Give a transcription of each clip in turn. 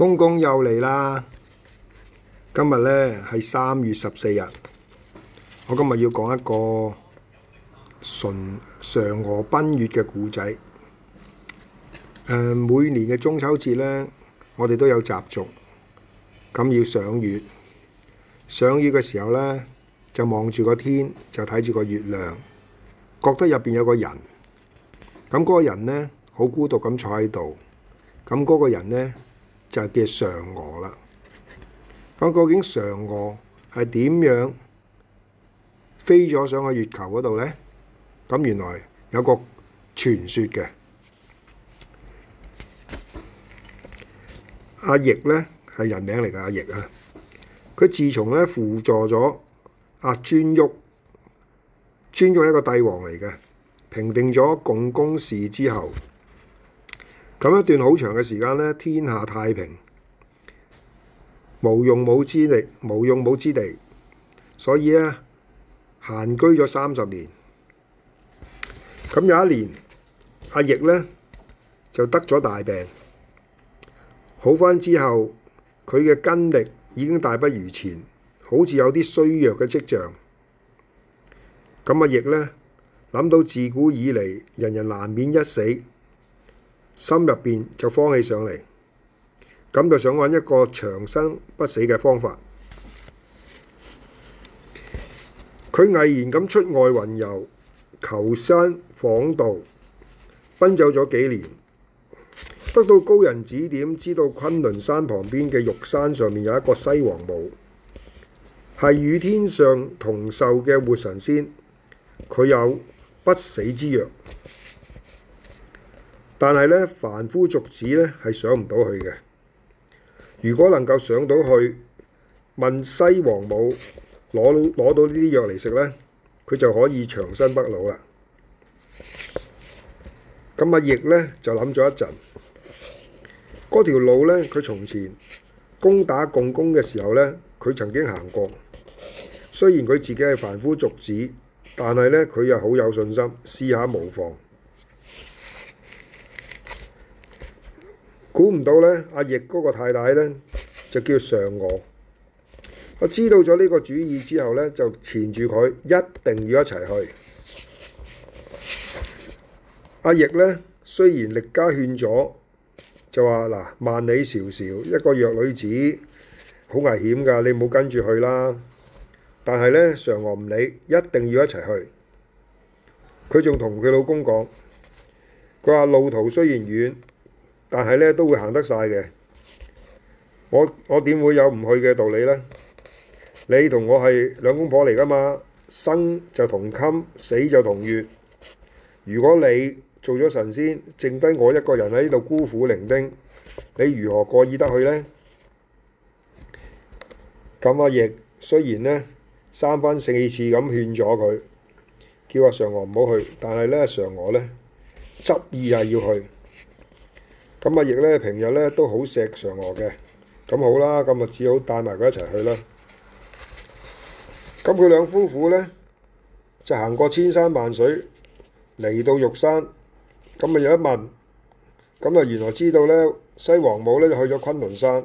公公又嚟啦！今日咧係三月十四日，我今日要講一個純《純嫦娥奔月》嘅故仔。誒，每年嘅中秋節咧，我哋都有習俗，咁要賞月。賞月嘅時候咧，就望住個天，就睇住個月亮，覺得入邊有個人。咁、那、嗰個人咧，好孤獨咁坐喺度。咁、那、嗰個人咧。就係叫嫦娥啦。咁究竟嫦娥係點樣飛咗上去月球嗰度咧？咁原來有個傳說嘅。阿羿咧係人名嚟嘅。阿羿啊。佢自從咧輔助咗阿顓頊，顓頊係一個帝王嚟嘅，平定咗共工氏之後。咁一段好長嘅時間呢，天下太平，無用武之地，無用武之地，所以咧，閒居咗三十年。咁有一年，阿羿呢就得咗大病，好返之後，佢嘅筋力已經大不如前，好似有啲衰弱嘅跡象。咁阿羿呢，諗到自古以嚟，人人難免一死。心入邊就慌起上嚟，咁就想揾一個長生不死嘅方法。佢毅然咁出外雲遊，求山訪道，奔走咗幾年，得到高人指點，知道崑崙山旁邊嘅玉山上面有一個西王母，係與天上同壽嘅活神仙，佢有不死之藥。但係咧，凡夫俗子咧係上唔到去嘅。如果能夠上到去，問西王母攞到攞到呢啲藥嚟食咧，佢就可以長生不老啦。咁阿羿咧就諗咗一陣，嗰條路咧，佢從前攻打共工嘅時候咧，佢曾經行過。雖然佢自己係凡夫俗子，但係咧佢又好有信心，試下無妨。估唔到咧，阿羿嗰個太太咧就叫嫦娥。我知道咗呢個主意之後咧，就纏住佢，一定要一齊去。阿羿咧雖然力加勸咗，就話嗱，萬里迢迢，一個弱女子好危險㗎，你唔好跟住去啦。但係咧，嫦娥唔理，一定要一齊去。佢仲同佢老公講，佢話路途雖然遠。但係咧都會行得晒嘅，我我點會有唔去嘅道理咧？你同我係兩公婆嚟噶嘛，生就同衾，死就同穴。如果你做咗神仙，剩低我一個人喺呢度孤苦伶仃，你如何過意得去咧？咁阿羿雖然咧三番四次咁勸咗佢，叫阿嫦娥唔好去，但係咧阿嫦娥咧執意係要去。咁啊！亦咧平日咧都好錫嫦娥嘅，咁好啦，咁啊只好帶埋佢一齊去啦。咁佢兩夫婦咧就行過千山萬水嚟到玉山，咁啊有一問，咁啊原來知道咧西王母咧去咗崑崙山，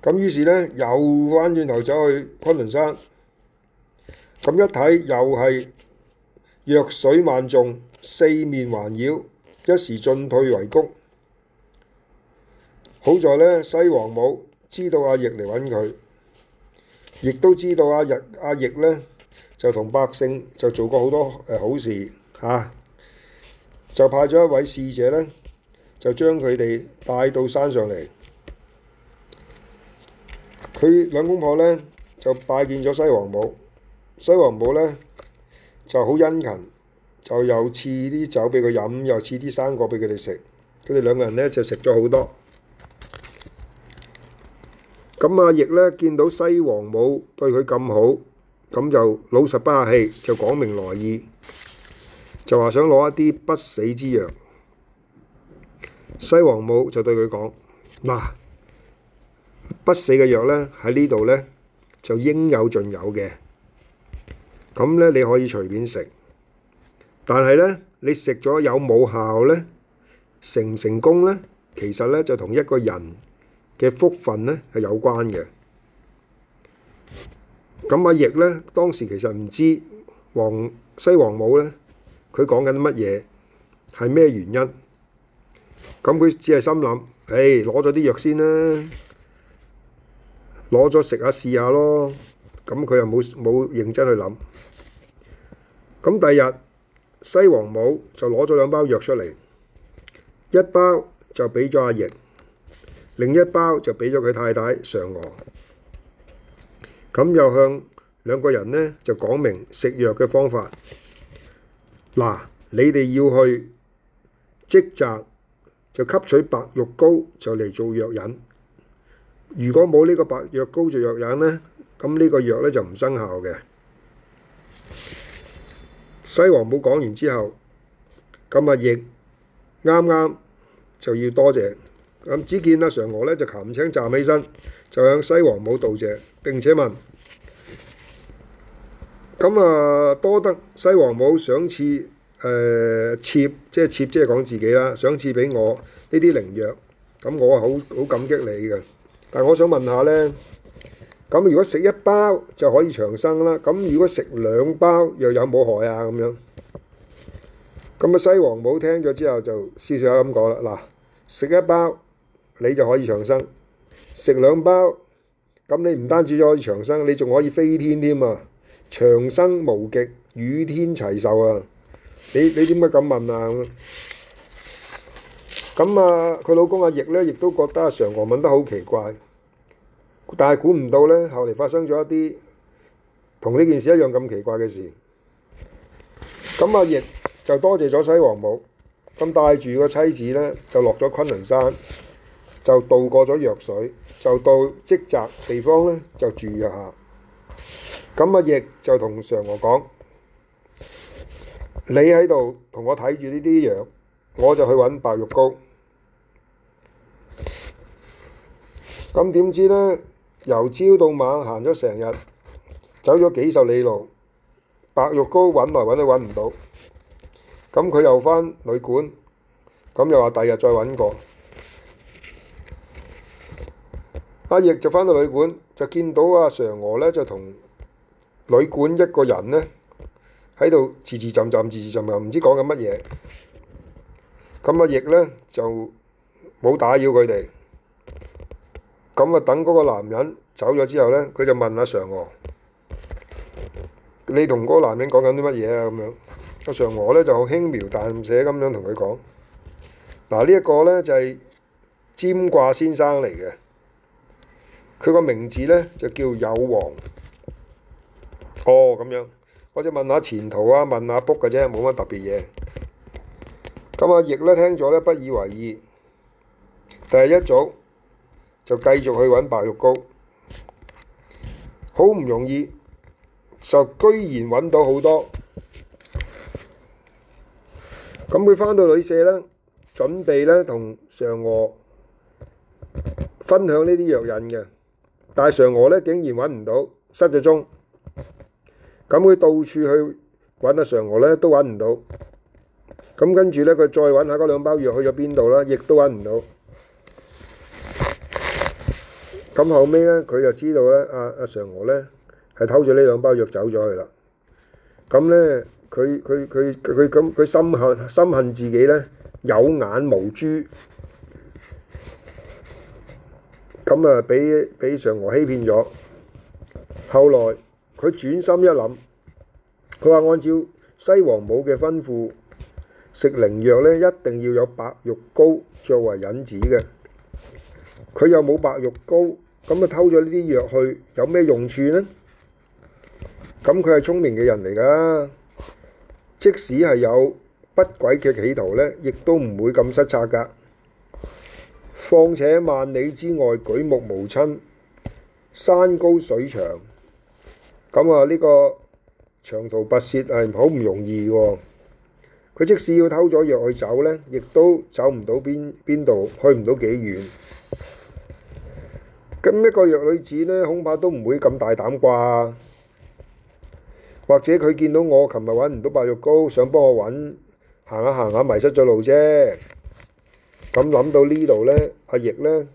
咁於是咧又翻轉頭走去崑崙山，咁一睇又係弱水萬重四面環繞，一時進退維谷。好在呢，西王母知道阿羿嚟揾佢，亦都知道阿羿阿羿呢就同百姓就做過好多好事嚇、啊，就派咗一位侍者呢，就將佢哋帶到山上嚟。佢兩公婆呢，就拜見咗西王母，西王母呢，就好殷勤，就又賜啲酒俾佢飲，又賜啲生果俾佢哋食。佢哋兩個人呢，就食咗好多。咁阿羿咧見到西王母對佢咁好，咁就老實不客氣，就講明來意，就話想攞一啲不死之藥。西王母就對佢講：嗱，不死嘅藥咧喺呢度咧就應有盡有嘅，咁咧你可以隨便食。但係咧你食咗有冇效咧？成唔成功咧？其實咧就同一個人，嘅福分呢係有關嘅。咁阿羿呢，當時其實唔知黃西王母呢，佢講緊乜嘢係咩原因？咁佢只係心諗：唉，攞咗啲藥先啦，攞咗食下試下咯。咁佢又冇冇認真去諗。咁第二日西王母就攞咗兩包藥出嚟，一包就畀咗阿羿。另一包就俾咗佢太太嫦娥。咁，又向兩個人呢就講明食藥嘅方法嗱。你哋要去職責，就吸取白玉膏就嚟做藥引。如果冇呢個白玉膏做藥引呢，咁呢個藥呢就唔生效嘅。西王母講完之後，咁阿羿啱啱就要多謝，謝。咁只見阿嫦娥咧就攢青站起身，就向西王母道謝，並且問：咁啊，多得西王母賞賜誒，妾即係妾，即係講自己啦，賞賜俾我呢啲靈藥。咁我啊好好感激你嘅。但係我想問下咧，咁如果食一包就可以長生啦，咁如果食兩包又有冇害啊？咁樣咁啊？西王母聽咗之後就笑笑咁講啦：嗱，食一包。你就可以長生，食兩包咁，你唔單止可以長生，你仲可以飛天添啊！長生無極，與天齊壽啊！你你點解咁問啊？咁啊，佢老公阿羿咧，亦都覺得阿嫦娥問得好奇怪，但係估唔到咧，後嚟發生咗一啲同呢件事一樣咁奇怪嘅事。咁阿羿就多謝咗西王母，咁帶住個妻子咧，就落咗昆崙山。就渡過咗藥水，就到職責地方呢就住一下。咁阿羿就同嫦娥講：你喺度同我睇住呢啲藥，我就去揾白玉膏。咁點知呢？由朝到晚行咗成日，走咗幾十里路，白玉膏揾來揾去揾唔到。咁佢又返旅館，咁又話第二日再揾過。阿羿就返到旅館，就見到阿嫦娥呢，就同旅館一個人呢喺度吱吱斟斟，吱吱斟斟，唔知講緊乜嘢。咁阿羿呢，就冇打擾佢哋。咁啊，等嗰個男人走咗之後呢，佢就問阿嫦娥：你同嗰個男人講緊啲乜嘢啊？咁樣阿嫦娥呢，就好輕描淡寫咁樣同佢講：嗱，呢一個呢，就係占卦先生嚟嘅。佢個名字咧就叫有黃。哦咁樣，我只問下前途啊，問下卜嘅啫，冇乜特別嘢。咁阿羿咧聽咗咧不以為意，但係一早就繼續去揾白玉糕，好唔容易就居然揾到好多。咁佢返到旅社咧，準備咧同嫦娥分享呢啲藥引嘅。但係常娥咧，竟然揾唔到，失咗蹤。咁佢到處去揾阿嫦娥咧都揾唔到。咁跟住咧，佢再揾下嗰兩包藥去咗邊度啦，亦都揾唔到。咁後尾咧，佢就知道咧、啊，阿、啊、阿常娥咧係偷咗呢兩包藥走咗去啦。咁咧，佢佢佢佢咁，佢深恨深恨自己咧，有眼無珠。咁啊，俾俾嫦娥欺騙咗。後來佢轉心一諗，佢話按照西王母嘅吩咐，食靈藥咧，一定要有白玉膏作為引子嘅。佢又冇白玉膏，咁啊，偷咗呢啲藥去，有咩用處咧？咁佢係聰明嘅人嚟噶，即使係有不軌嘅企圖咧，亦都唔會咁失策㗎。況且萬里之外舉目無親，山高水長，咁啊呢個長途跋涉係好唔容易喎。佢即使要偷咗藥去走呢，亦都走唔到邊邊度，去唔到幾遠。咁一個弱女子呢，恐怕都唔會咁大膽啩。或者佢見到我琴日揾唔到白玉糕，想幫我揾，行下行下迷失咗路啫。咁諗到呢度咧，阿羿咧，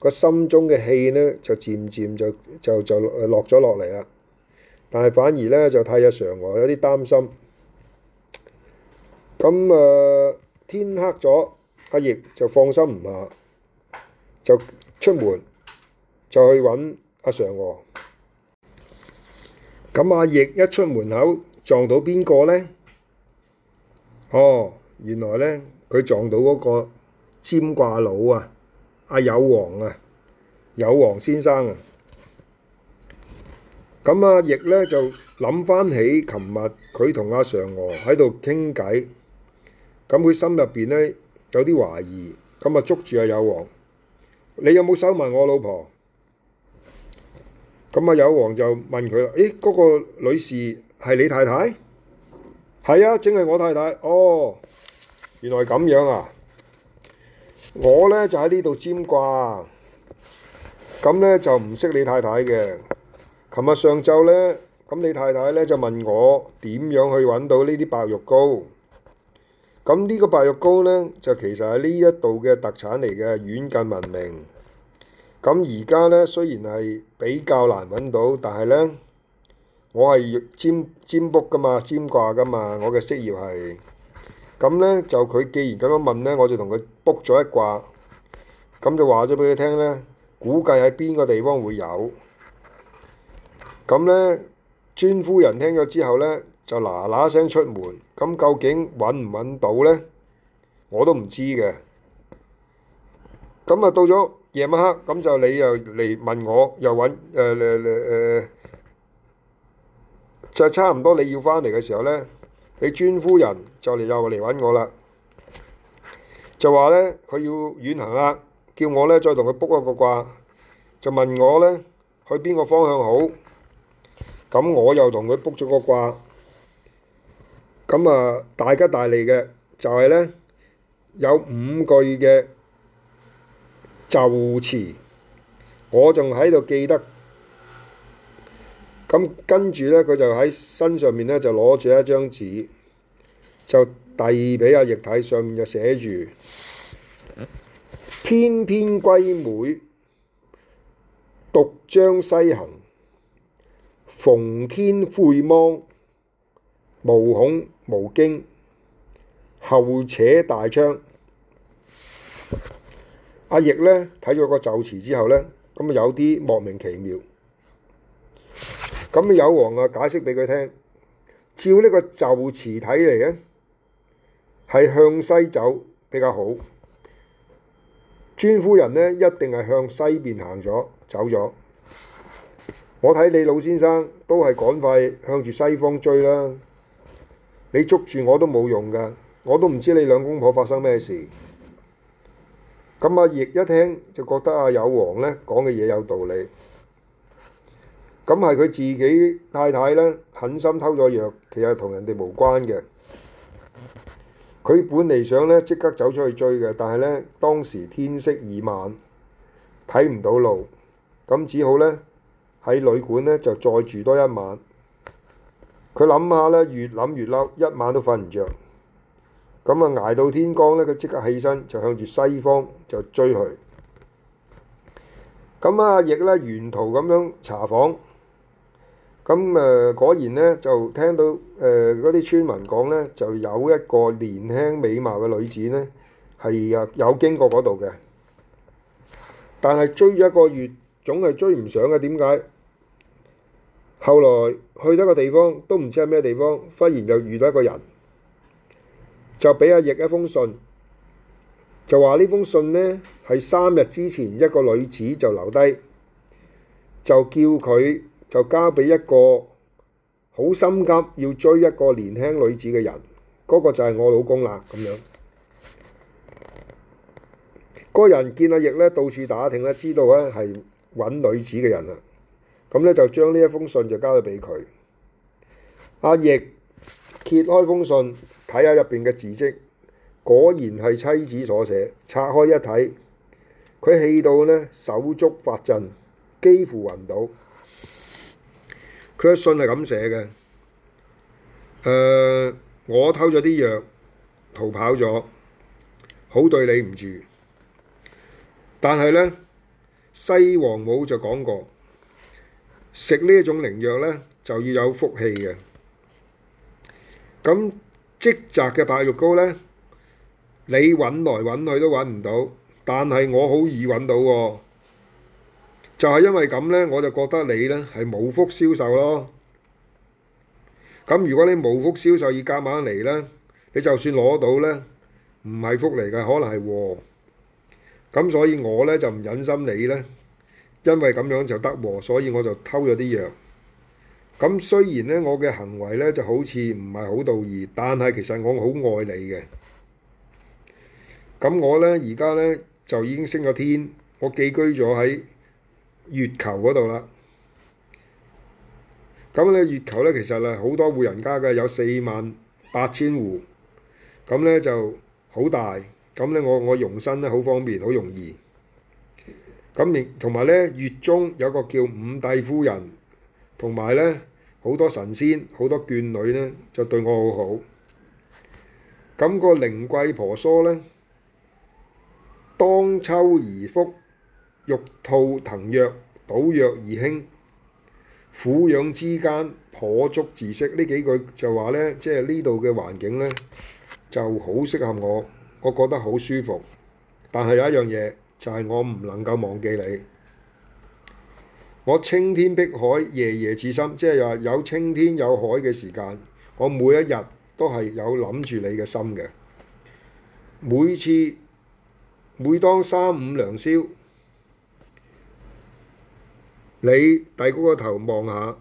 個心中嘅氣咧就漸漸就就就落咗落嚟啦。但係反而咧就太阿嫦娥，有啲擔心。咁誒天黑咗，阿羿就放心唔下，就出門就去揾阿嫦娥。咁阿羿一出門口撞到邊個咧？哦，原來咧佢撞到嗰個。牽掛佬啊，阿友王啊，友王先生啊，咁阿羿咧就諗翻起琴日佢同阿嫦娥喺度傾偈，咁佢心入邊咧有啲懷疑，咁啊，捉住阿友王，你有冇收埋我老婆？咁阿友王就問佢啦：咦，嗰個女士係你太太？係啊，正係我太太。哦，原來咁樣啊！我咧就喺呢度占卦，咁咧就唔識你太太嘅。琴日上晝咧，咁你太太咧就問我點樣去揾到呢啲白玉糕。咁呢個白玉糕咧，就其實係呢一度嘅特產嚟嘅，遠近聞名。咁而家咧雖然係比較難揾到，但係咧，我係占占卜㗎嘛，占卦㗎嘛，我嘅職業係。咁呢，就佢既然咁樣問呢，我就同佢卜咗一卦，咁就話咗畀佢聽呢，估計喺邊個地方會有。咁呢，尊夫人聽咗之後呢，就嗱嗱聲出門。咁究竟揾唔揾到呢？我都唔知嘅。咁啊，到咗夜晚黑，咁就你又嚟問我，又揾誒誒誒，就差唔多你要返嚟嘅時候呢。你尊夫人就嚟又嚟揾我啦，就話咧佢要遠行啦，叫我咧再同佢卜一個卦，就問我咧去邊個方向好。咁我又同佢卜咗個卦，咁啊，大吉大利嘅就係咧有五句嘅就詞，我仲喺度記得。咁跟住咧，佢就喺身上面咧就攞住一張紙，就遞俾阿羿睇，上面就寫住：翩翩、嗯、歸妹，獨將西行，逢天晦芒，無恐無驚，後且大昌。阿羿咧睇咗個咒詞之後咧，咁有啲莫名其妙。咁啊，有黃啊，解釋俾佢聽，照呢個就詞睇嚟咧，係向西走比較好。尊夫人咧，一定係向西邊行咗，走咗。我睇你老先生都係趕快向住西方追啦。你捉住我都冇用㗎，我都唔知你兩公婆發生咩事。咁阿羿一聽就覺得阿有黃咧講嘅嘢有道理。咁係佢自己太太咧，狠心偷咗藥，其實同人哋無關嘅。佢本嚟想咧即刻走出去追嘅，但係咧當時天色已晚，睇唔到路，咁只好咧喺旅館咧就再住多一晚。佢諗下咧，越諗越嬲，一晚都瞓唔着。咁啊捱到天光咧，佢即刻起身就向住西方就追去。咁啊，亦咧沿途咁樣查房。咁誒果然咧，就聽到誒嗰啲村民講咧，就有一個年輕美貌嘅女子咧，係啊有經過嗰度嘅，但係追咗一個月總係追唔上嘅，點解？後來去咗個地方都唔知係咩地方，忽然又遇到一個人，就俾阿羿一封信，就話呢封信咧係三日之前一個女子就留低，就叫佢。就交俾一個好心急要追一個年輕女子嘅人，嗰、那個就係我老公啦。咁樣，嗰、那個、人見阿羿咧，到處打聽咧，知道咧係揾女子嘅人啦。咁咧就將呢一封信就交咗俾佢。阿羿揭開封信，睇下入邊嘅字跡，果然係妻子所寫。拆開一睇，佢氣到咧手足發震，幾乎暈倒。佢嘅信係咁寫嘅，誒、呃，我偷咗啲藥逃跑咗，好對你唔住，但係咧西王母就講過，食呢一種靈藥咧就要有福氣嘅，咁積澤嘅大玉膏咧，你揾來揾去都揾唔到，但係我好易揾到喎、哦。就係因為咁呢，我就覺得你呢係冇福消受咯。咁如果你冇福消受要夾硬嚟呢，你就算攞到呢，唔係福嚟嘅，可能係禍。咁所以我呢，就唔忍心你呢，因為咁樣就得禍，所以我就偷咗啲藥。咁雖然呢，我嘅行為呢就好似唔係好道義，但係其實我好愛你嘅。咁我呢，而家呢，就已經升咗天，我寄居咗喺月球嗰度啦，咁咧月球咧其實係好多戶人家嘅，有四萬八千戶，咁咧就好大，咁咧我我容身咧好方便，好容易，咁亦同埋咧月中有個叫五帝夫人，同埋咧好多神仙好多眷女咧就對我好好，咁個靈貴婆娑咧，當秋而覆。玉兔騰躍，倒躍而興；俯仰之間，頗足自息。呢幾句就話呢，即係呢度嘅環境呢，就好適合我，我覺得好舒服。但係有一樣嘢就係、是、我唔能夠忘記你。我青天碧海，夜夜至深，即係又話有青天有海嘅時間，我每一日都係有諗住你嘅心嘅。每次每當三五良宵。你低嗰個頭望下，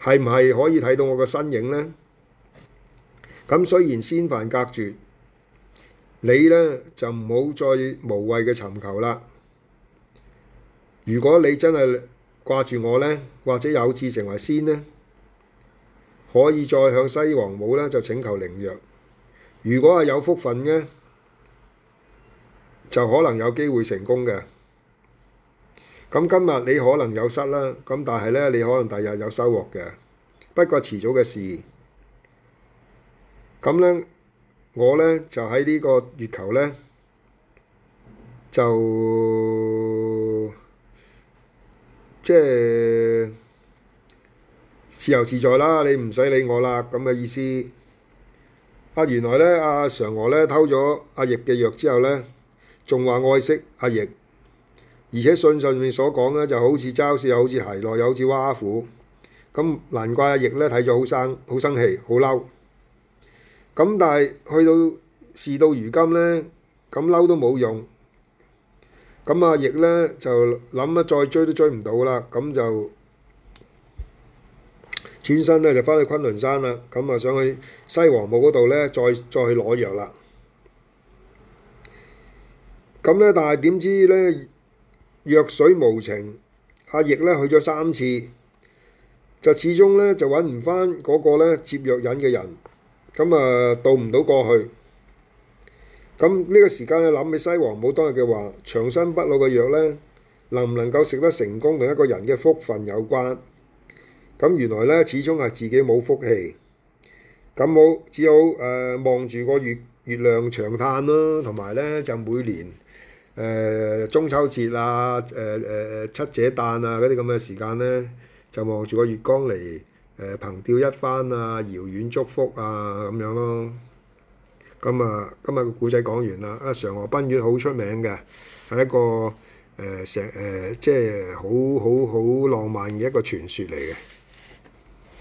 係唔係可以睇到我個身影呢？咁雖然仙凡隔絕，你呢就唔好再無謂嘅尋求啦。如果你真係掛住我呢，或者有志成為仙呢，可以再向西王母呢就請求靈藥。如果係有福份嘅，就可能有機會成功嘅。咁今日你可能有失啦，咁但係咧你可能第日有收穫嘅，不過遲早嘅事。咁咧，我咧就喺呢個月球咧，就即係、就是、自由自在啦，你唔使理我啦，咁嘅意思。啊，原來咧，阿、啊、嫦娥咧偷咗阿羿嘅藥之後咧，仲話愛惜阿、啊、羿。而且信上面所講咧，就好似嘲笑又好似奚落，又好似挖苦。咁難怪阿翼咧睇咗好生好生氣，好嬲。咁但係去到事到如今咧，咁嬲都冇用。咁阿翼咧就諗一再追都追唔到啦。咁就轉身咧就翻去昆崙山啦。咁啊，想去西王母嗰度咧，再再去攞藥啦。咁咧，但係點知咧？藥水無情，阿羿咧去咗三次，就始終咧就揾唔翻嗰個咧接藥引嘅人，咁、嗯、啊到唔到過去。咁、嗯、呢、呢個時間咧諗起西王母當日嘅話，長生不老嘅藥咧，能唔能夠食得成功同一個人嘅福分有關。咁、嗯、原來咧始終係自己冇福氣，咁、嗯、冇只好誒望住個月月亮長嘆咯，同埋咧就每年。誒、呃、中秋節啊，誒誒誒七姐誕啊，嗰啲咁嘅時間咧，就望住個月光嚟誒憑吊一番啊，遙遠祝福啊咁樣咯。咁啊，今日個古仔講完啦。啊，嫦娥奔月好出名嘅，係一個誒成誒即係好好好浪漫嘅一個傳說嚟嘅。